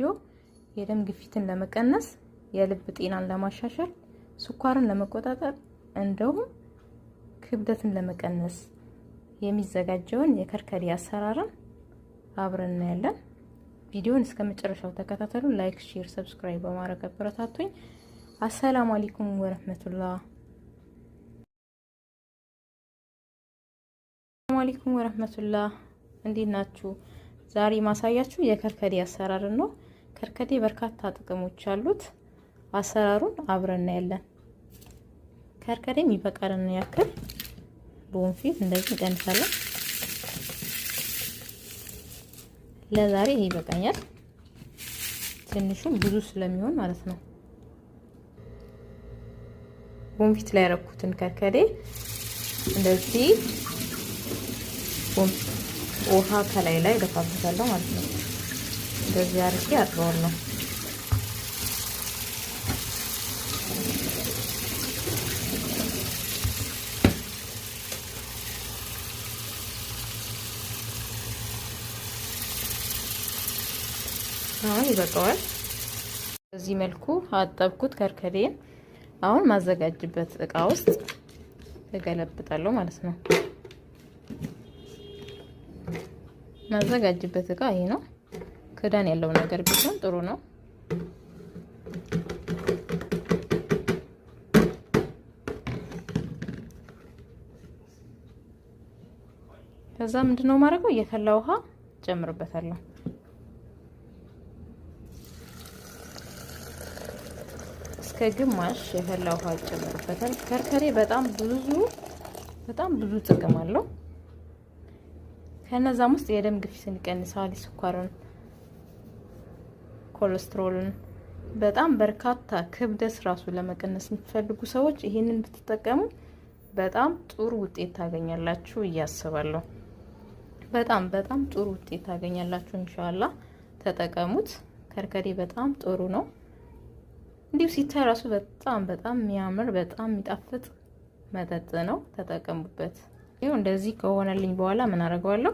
ዲዮ የደም ግፊትን ለመቀነስ፣ የልብ ጤናን ለማሻሻል፣ ስኳርን ለመቆጣጠር እንደውም ክብደትን ለመቀነስ የሚዘጋጀውን የከርከዴ አሰራርን አብረን እናያለን። ቪዲዮን እስከ መጨረሻው ተከታተሉ። ላይክ፣ ሼር፣ ሰብስክራይብ በማድረግ አበረታቱኝ። አሰላሙ አለይኩም ወረህመቱላህ አሰላሙ አለይኩም ወረህመቱላህ። እንዴት ናችሁ? ዛሬ ማሳያችሁ የከርከዴ አሰራርን ነው። ከርከዴ በርካታ ጥቅሞች አሉት። አሰራሩን አብረን እናያለን። ከርከዴ የሚበቃልን ያክል በወንፊት እንደዚህ እንቀንሳለን። ለዛሬ ይሄ ይበቃኛል። ትንሹም ብዙ ስለሚሆን ማለት ነው። ቦንፊት ላይ ያረኩትን ከርከዴ እንደዚህ ቦንፊት ውሃ ከላይ ላይ ገፋበታለሁ ማለት ነው። እንደዚህ አድርጌ አጥበዋለሁ። አሁን ይበቃዋል። በዚህ መልኩ አጠብኩት ከርከዴን። አሁን ማዘጋጅበት እቃ ውስጥ እገለብጣለሁ ማለት ነው። ማዘጋጅበት እቃ ይሄ ነው። ክዳን ያለው ነገር ቢሆን ጥሩ ነው። ከዛ ምንድነው ማድረገው? እየፈላ ውሃ ጨምርበታለሁ። እስከ ግማሽ የፈላ ውሃ ጨምርበታል። ከርከሬ በጣም ብዙ በጣም ብዙ ጥቅም አለው። ከነዛም ውስጥ የደም ግፊትን ይቀንሳል፣ ስኳርን፣ ኮሌስትሮልን በጣም በርካታ ክብደት ራሱ ለመቀነስ የምትፈልጉ ሰዎች ይህንን ብትጠቀሙ በጣም ጥሩ ውጤት ታገኛላችሁ እያስባለሁ። በጣም በጣም ጥሩ ውጤት ታገኛላችሁ። እንሻላ ተጠቀሙት። ከርከዴ በጣም ጥሩ ነው። እንዲሁ ሲታይ ራሱ በጣም በጣም የሚያምር በጣም የሚጣፍጥ መጠጥ ነው። ተጠቀሙበት። ይኸው እንደዚህ ከሆነልኝ በኋላ ምን አደርገዋለሁ?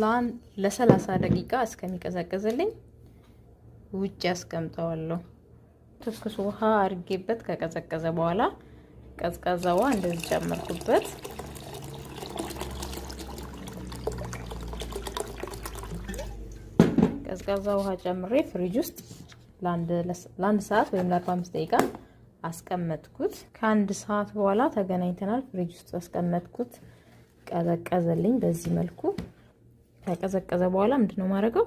ላን ለሰላሳ ደቂቃ እስከሚቀዘቅዝልኝ ውጭ አስቀምጠዋለሁ። ትኩስ ውሃ አድርጌበት ከቀዘቀዘ በኋላ ቀዝቃዛ ውሃ እንደዚህ ጨመርኩበት። ቀዝቃዛ ውሃ ጨምሬ ፍሪጅ ውስጥ ለአንድ ሰዓት ወይም ለ45 ደቂቃ አስቀመጥኩት። ከአንድ ሰዓት በኋላ ተገናኝተናል። ፍሪጅ ውስጥ አስቀመጥኩት፣ ቀዘቀዘልኝ። በዚህ መልኩ ከቀዘቀዘ በኋላ ምንድነው ማድረገው